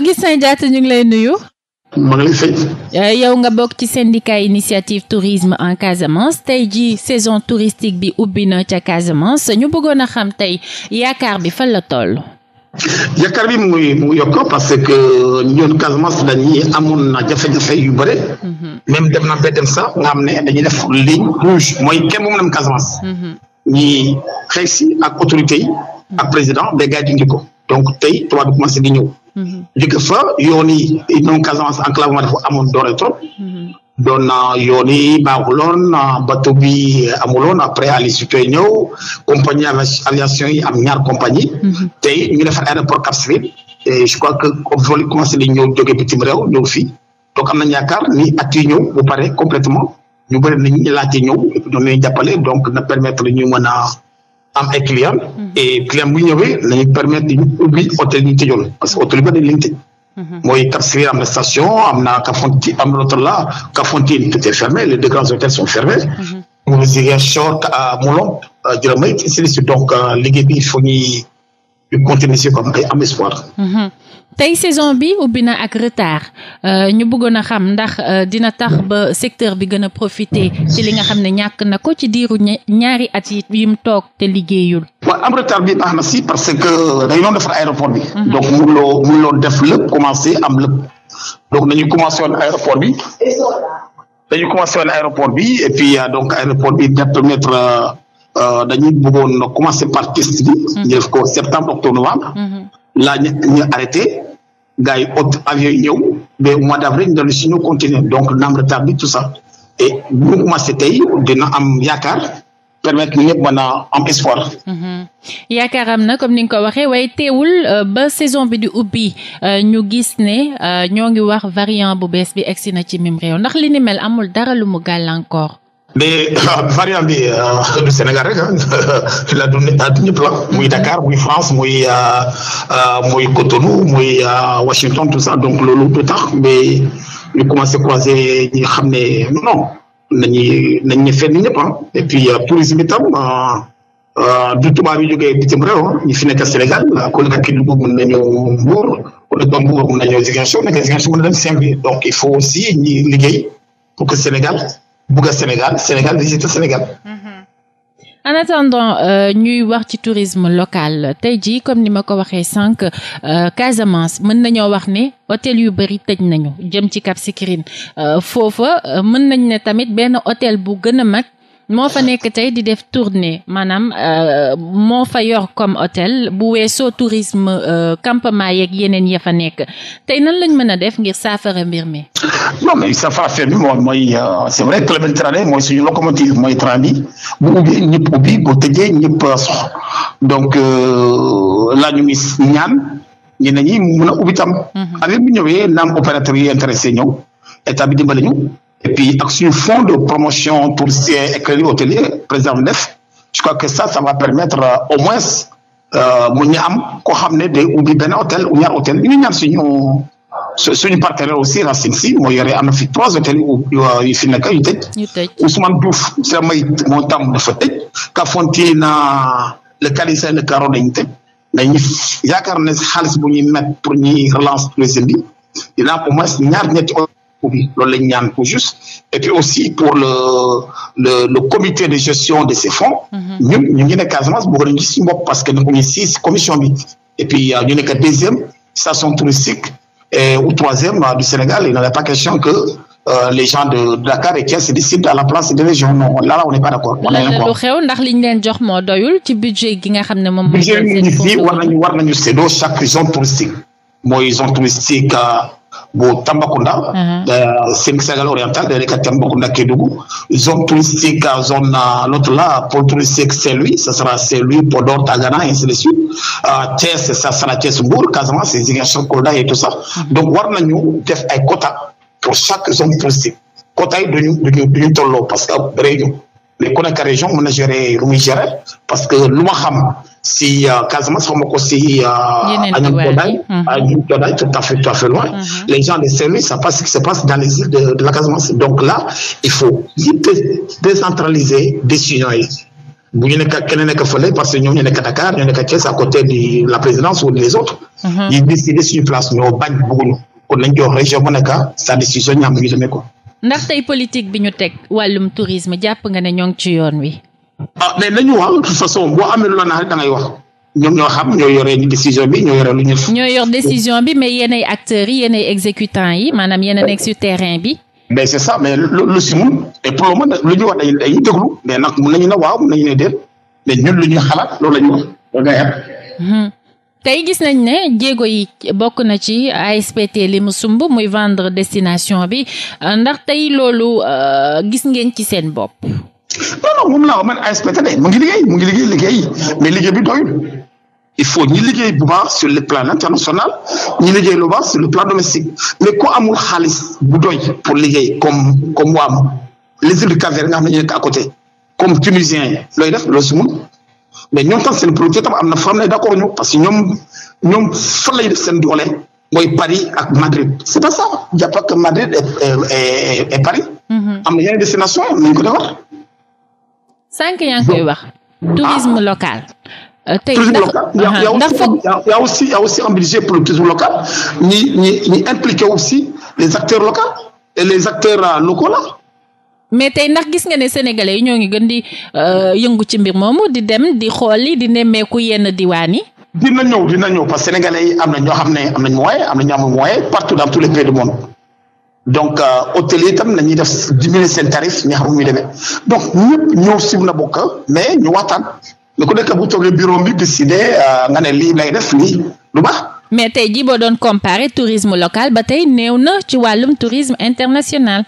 Augustin Diatta ñu ngi lay nuyu. Euh, yow nga bokk ci syndicat initiative tourisme en Casamance tey ji saison touristique bi ubbi na ca Casamance ñu bëggoon a xam tey yaakaar bi fan la toll. yaakaar bi mu ngi mu yokk parce que ñun Casamance dañuy amoon na jafe-jafe yu bëre. Mhm. même dem na ba dem sax nga xam ne dañuy def ligne rouge mooy kenn mu dem Casamance. Mhm. ñi xëy si ak autorité yi. ak président ba gars yi ko donc tey tubaab bi commencé di ñëw. jóge mm-hmm. fa yoon yi ñoom Casamance enclavement a amoon doole trop. Mm-hmm. doon na yoon yi baaxuloon bateau bi amuloon après Aline Sitoé ñëw compagnie aviation yi am ñaar compagnie. Mm-hmm. tey ñu defar aéroport Cap Skirring et je crois que comme vol commencé di ñëw jóge bitim réew ñëw fii donc am nañu yaakaar ni at yi ñëw bu pare complètement ñu bëri nañu laajte ñëw ñoom ñooy jàppale donc na permettre ñu mën a. am ay client mm-hmm. et client bu ñëwee la ñuy permettre ñu ubbi hôtel ñu tëjoon parce que hôtel yi ba mm-hmm. mooy Kapsiri am na station am na Kafountine am na l'hôtel là Kafountine tout est fermé les deux grands hôtels sont fermés mu mm-hmm. Ziguinchor Moulom euh, Diolamay ainsi de suite donc euh, liggéey bi il faut ñu continuer si comme day am espoir. Mhm. tey saison bi ubbi na ak retard euh, ñu bëggoon a xam ndax euh, dina tax ba secteur bi gën a profiter ci li nga xam ne ñàkk na ko ci diiru ñaari at yi yim toog te liggéeyul. waaw am retard bi baax na si parce que dañu doon defar aéroport bi. Mhm. donc mënuloo mënuloo def lépp commencé am lépp donc nañu commencé woon aéroport bi. dañu commencé woon aéroport bi et puis euh, donc aéroport bi permettre. Euh, dañuy bëggoon na commencé par test bi. ñu mhm. def ko septembre octobre novembre. laa ñu ñu arrêté gars yi ot avion yi ñëw mais mois d' avril ñu dellu si ñu continuer donc naam retard bi tout ça et bu commencé tey dina am yaakaar permettre ñu ñëpp mën a am espoir. Mhm. yaakaaram na comme ni nga ko waxee waaye teewul euh, ba saison bi di ubbi euh, ñu gis ne ñoo ngi wax variant bu bees bi egsi na ci mim réew ndax li ni mel amul dara lumu mu gàllankoor. mais ah, variant bi euh, du Sénégal rek ah la du ñëpp la muy Dakar muy France muy euh, euh, muy Cotonou muy Washington tout ça donc loolu du tax mais ñu commencé croiser ñi xam ne non nañu nañ ñu fenn ñëpp ah et puis tourisme itam du tubaab ñi jógee bitim réew ñu fi nekk Sénégal ku nekk Kédougou mën nañoo Mbour ku nekk Mbour mën nañoo Ziguinchor nekk Ziguinchor mën na dem Saint-Louis donc il faut aussi ñi liggéey pour que Sénégal. bugg a Sénégal Sénégal visite Sénégal. Mm-hmm. en attendant euh, ñuy wax ci tourisme locale tey jii comme ni ma ko waxee sànq euh, Casamance mën nañoo wax ni hôtel yu bëri tëj nañu jëm ci Cap Skirring euh, foofa mën nañ ne tamit benn hôtel bu gën a mag. moo fa nekk tey di def tournée maanaam euh, moo fa yor comme hôtel bu weesoo tourisme euh, campement yeeg yeneen ya fa nekk tey nan lañ mën a def ngir saafara mbir mi. non mais bi mooy mooy euh, c'est vrai mooy suñu mooy train bi bu ubbee ñëpp ubbi bu tëjee ñëpp sox donc laa ñu ngi ñaan ñeneen ñi mun a ubbi tam. Mm-hmm. avec bu ñëwee naam opérateur yi intéressé ñëw état bi dimbali ñu. et puis ak suñu fonds de promotion touristique e et crédit hôtelier président bi def je crois que ça va permettre euh, au moins euh, mu ñu am koo xam ne day ubbi benn hôtel ou ñaar hôtel ñu ñaan suñu suñu partenaire aussi Racine Sy moo yore am na fi trois hôtels yu fi nekk yu tëj Ousmane Diouf sa may moo tam dafa tëj Kafountine le Calisa le Caro dañu tëj mais ñu yaakaar ne xaalis bu ñu mettre pour ñu relance tourisme bi dina am au moins ñaar ñetti loolu la ñu ñaan tout juste et puis aussi pour le le le comité de gestion de ces fonds. Mhm. ñun ñu Casamance parce que ñu ngi si commission bi et puis euh, ñu nekk deuxième station touristique et ou troisième euh, du Sénégal il n' pas question que euh, les gens de Dakar et Thiès se décident à la place des régions non là on n' pas d'accord ndax liñ leen jox moo doyul ci budget gi nga xam ne moom. budget touristique mooy bu Tambacounda. Uh-huh. Euh, Sine Sénégal oriental derrière Tambacounda Kédougou zone touristique euh, zone euh, l'autre là pôle touristique Saint-Louis ça sera Saint-Louis Podor Dagana ainsi de suite Thiès ça sera Thiès Mbour Casamance Ziguinchor Kolda et tout uh-huh. donc war nañu def ay quota pour chaque zone touristique quota yi duñu duñu duñu tolloo parce que réunion mais ku nekk région mën na gérer lu parce que lu ma xam. si Casamance xaw ma ko si. Agnam Kodaye mhm. ah, Agnam Kodaye tout à fait tout à fait loin. Mhm. les gens de Saint-Louis passe ce qui se passe dans les de la Casamance donc là il faut décentraliser décision yi. bu ñu nekk keneen nekk fële parce que ñoom ñu nekk Dakar ñu nekk Thiès à côté de la présidence ou les autres. yi mhm. décider suñu place ñoo bañ bëgguñu kon nañ jox région bu nekk sa décision ñaam ñu demee ko. ndax politique bi ñu teg wàllum tourisme jàpp nga ne ñoo ah mais nañu wax de boo amee lu la naxari da ngay wax ñoom ñoo xam ñoo yore décision bi ñoo yore lu ñu. ñoo yor décision bi mais yéenay acteurs yi yéenay exécutants yi maanaam yéen a nekk terrain bi. mais c'est ça mais lu ñu wax dañuy dañuy déglu mais nag nañu ne waaw mun nañu ne déet mais ñun lu ñuy xalaat loolu la ñu wax hmm. tey gis nañ ne jéego yi bokk na ci ASPT li mu sumb muy vendre destination bi ndax tey loolu euh, gis ngeen ci seen bopp. non non moom laa wax man ASPT de mu ngi liggéey liggéey mais liggéey bi doyul il faut ñu liggéey bu baax sur le plan international ñu liggéey lu baax sur le plan domestique mais ku amul xaalis bu doy pour liggéey comme comme waam les îles du Cap-Vert nga xam ne ñu nekk à côté comme tunisien yi looy def loo si mun mais ñoom tam am na foo mm-hmm. destination ñu ko defar. sànq yaa ngi koy wax tourisme ah. local. Euh, tey ndax uh-huh. ndax foog y' a aussi y' aussi un pour le tourisme local ñi impliqué aussi les acteurs locaux et les acteurs euh, locaux là. mais tey ndax gis nga ne sénégalais yi ñoo ngi gën di euh, yëngu ci mbir moomu di dem di xool yi di nemmeeku yenn diwaan yi. dina ñëw dina ñëw parce que yi am na ñoo xam ne am na moyen am na ñoo am moyen partout dans tous les pays du monde. donc euh, hôtel yi itam nañuy def diminuer seen tarif ñi xam muy demee donc ñëpp ñëw sim na bokk mais ñu waxtaan mais ku nekk bu toogee bureau bi décider euh, nga ne lii lay def lii lu baax. mais tey jii boo doon comparer tourisme local ba tey néew na ci wàllum tourisme international.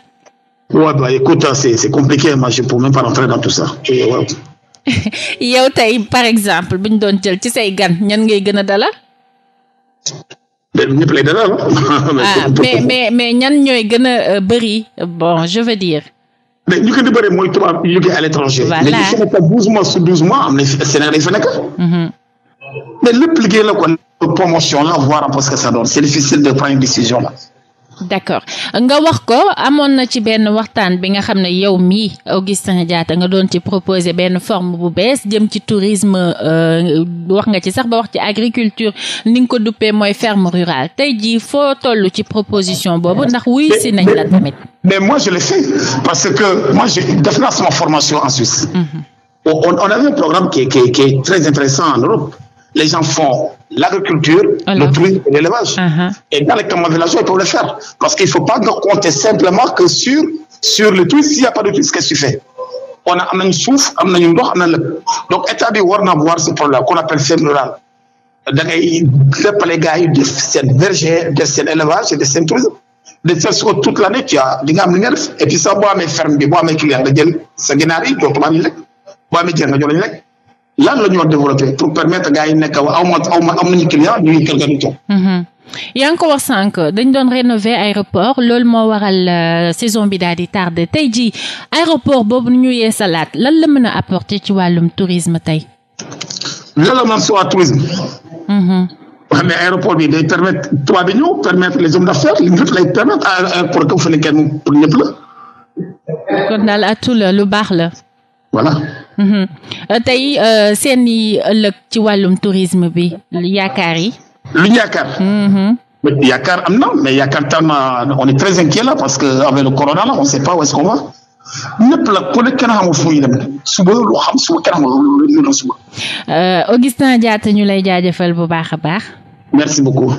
waaw ba écoute c'est c'est compliqué moi je peux même pas rentrer dans yow tey par exemple bu doon jël ci say gan ñan ngay gën a dalal. ñëpp lay dalal ah, ah, ah mais mais mais ñan ñooy gën a euh, bëri bon je veux dire. mais ñu gën di bëri mooy tubaab yu jógee à l'étranger. voilà mais ñu fexe douze mois sur douze mois Sénégal yi fa nekk. Mm-hmm. mais lépp liggéey la kon promotion la voir parce que ça donne c'est difficile de prendre décision là. d'accord nga wax ko amoon na ci benn waxtaan bi nga xam ne yow mii Augustin jaata nga doon ci proposé benn forme bu bees jëm ci tourisme euh, wax nga ci sax ba wax ci agriculture ni nga ko duppee mooy ferme rural tey jii foo toll ci proposition boobu ndax wuy si nañ la tamit mais moi je l'ai fait parce que moi j'ai formation en Suisse mm -hmm. on, avait un programme qui est très intéressant en Europe les gens font l'agriculture, voilà. le tourisme et l'élevage. Uh -huh. Et dans les camps villageois, peuvent le faire. Parce qu'il faut pas donc compter simplement que sur, sur le tourisme. S'il n'y a pas de tourisme, quest a am nañ suuf am nañu ndox am na lépp donc état bi war na voir ce problème qu'on appelle ferme rurale da ngay léppale gars yi def seen verger def seen élevage def seen tourisme de telle sorte toute l'année tu as di nga am li nga def et puis sax boo amee ferme bi boo amee client nga jël sa ginaar yi doo tubaab ñu lan la ñu war développer pour permettre gars yi nekk aw ma aw ma am nañu client ñu mm-hmm. ngi moo waral euh, saison bi daal di tardé tey jii aéroport boobu nu ñu yeesalaat lan la mën a apporter ci wàllum tourisme tey. loolu man soit tourisme. Mm-hmm. xam ne bi day permettre tubaab bi ñëw permettre les hommes daal atout la lu baax la. voilà. Mhm. Euh, tey euh, seen i ëllëg ci wàllum tourisme bi yaakaar yi. lu yaakaar. Mhm. yaakaar am na mais yaakaar tellement euh, on est très inquiet là parce que avec le corona là on sait pas où est-ce qu'on va. ñëpp la ku nekk kenn xamul fu dem suba lu xam suba kenn xamul lu ñu doon suba. Augustin Diatta ñu lay jaajëfal bu baax a baax. merci beaucoup.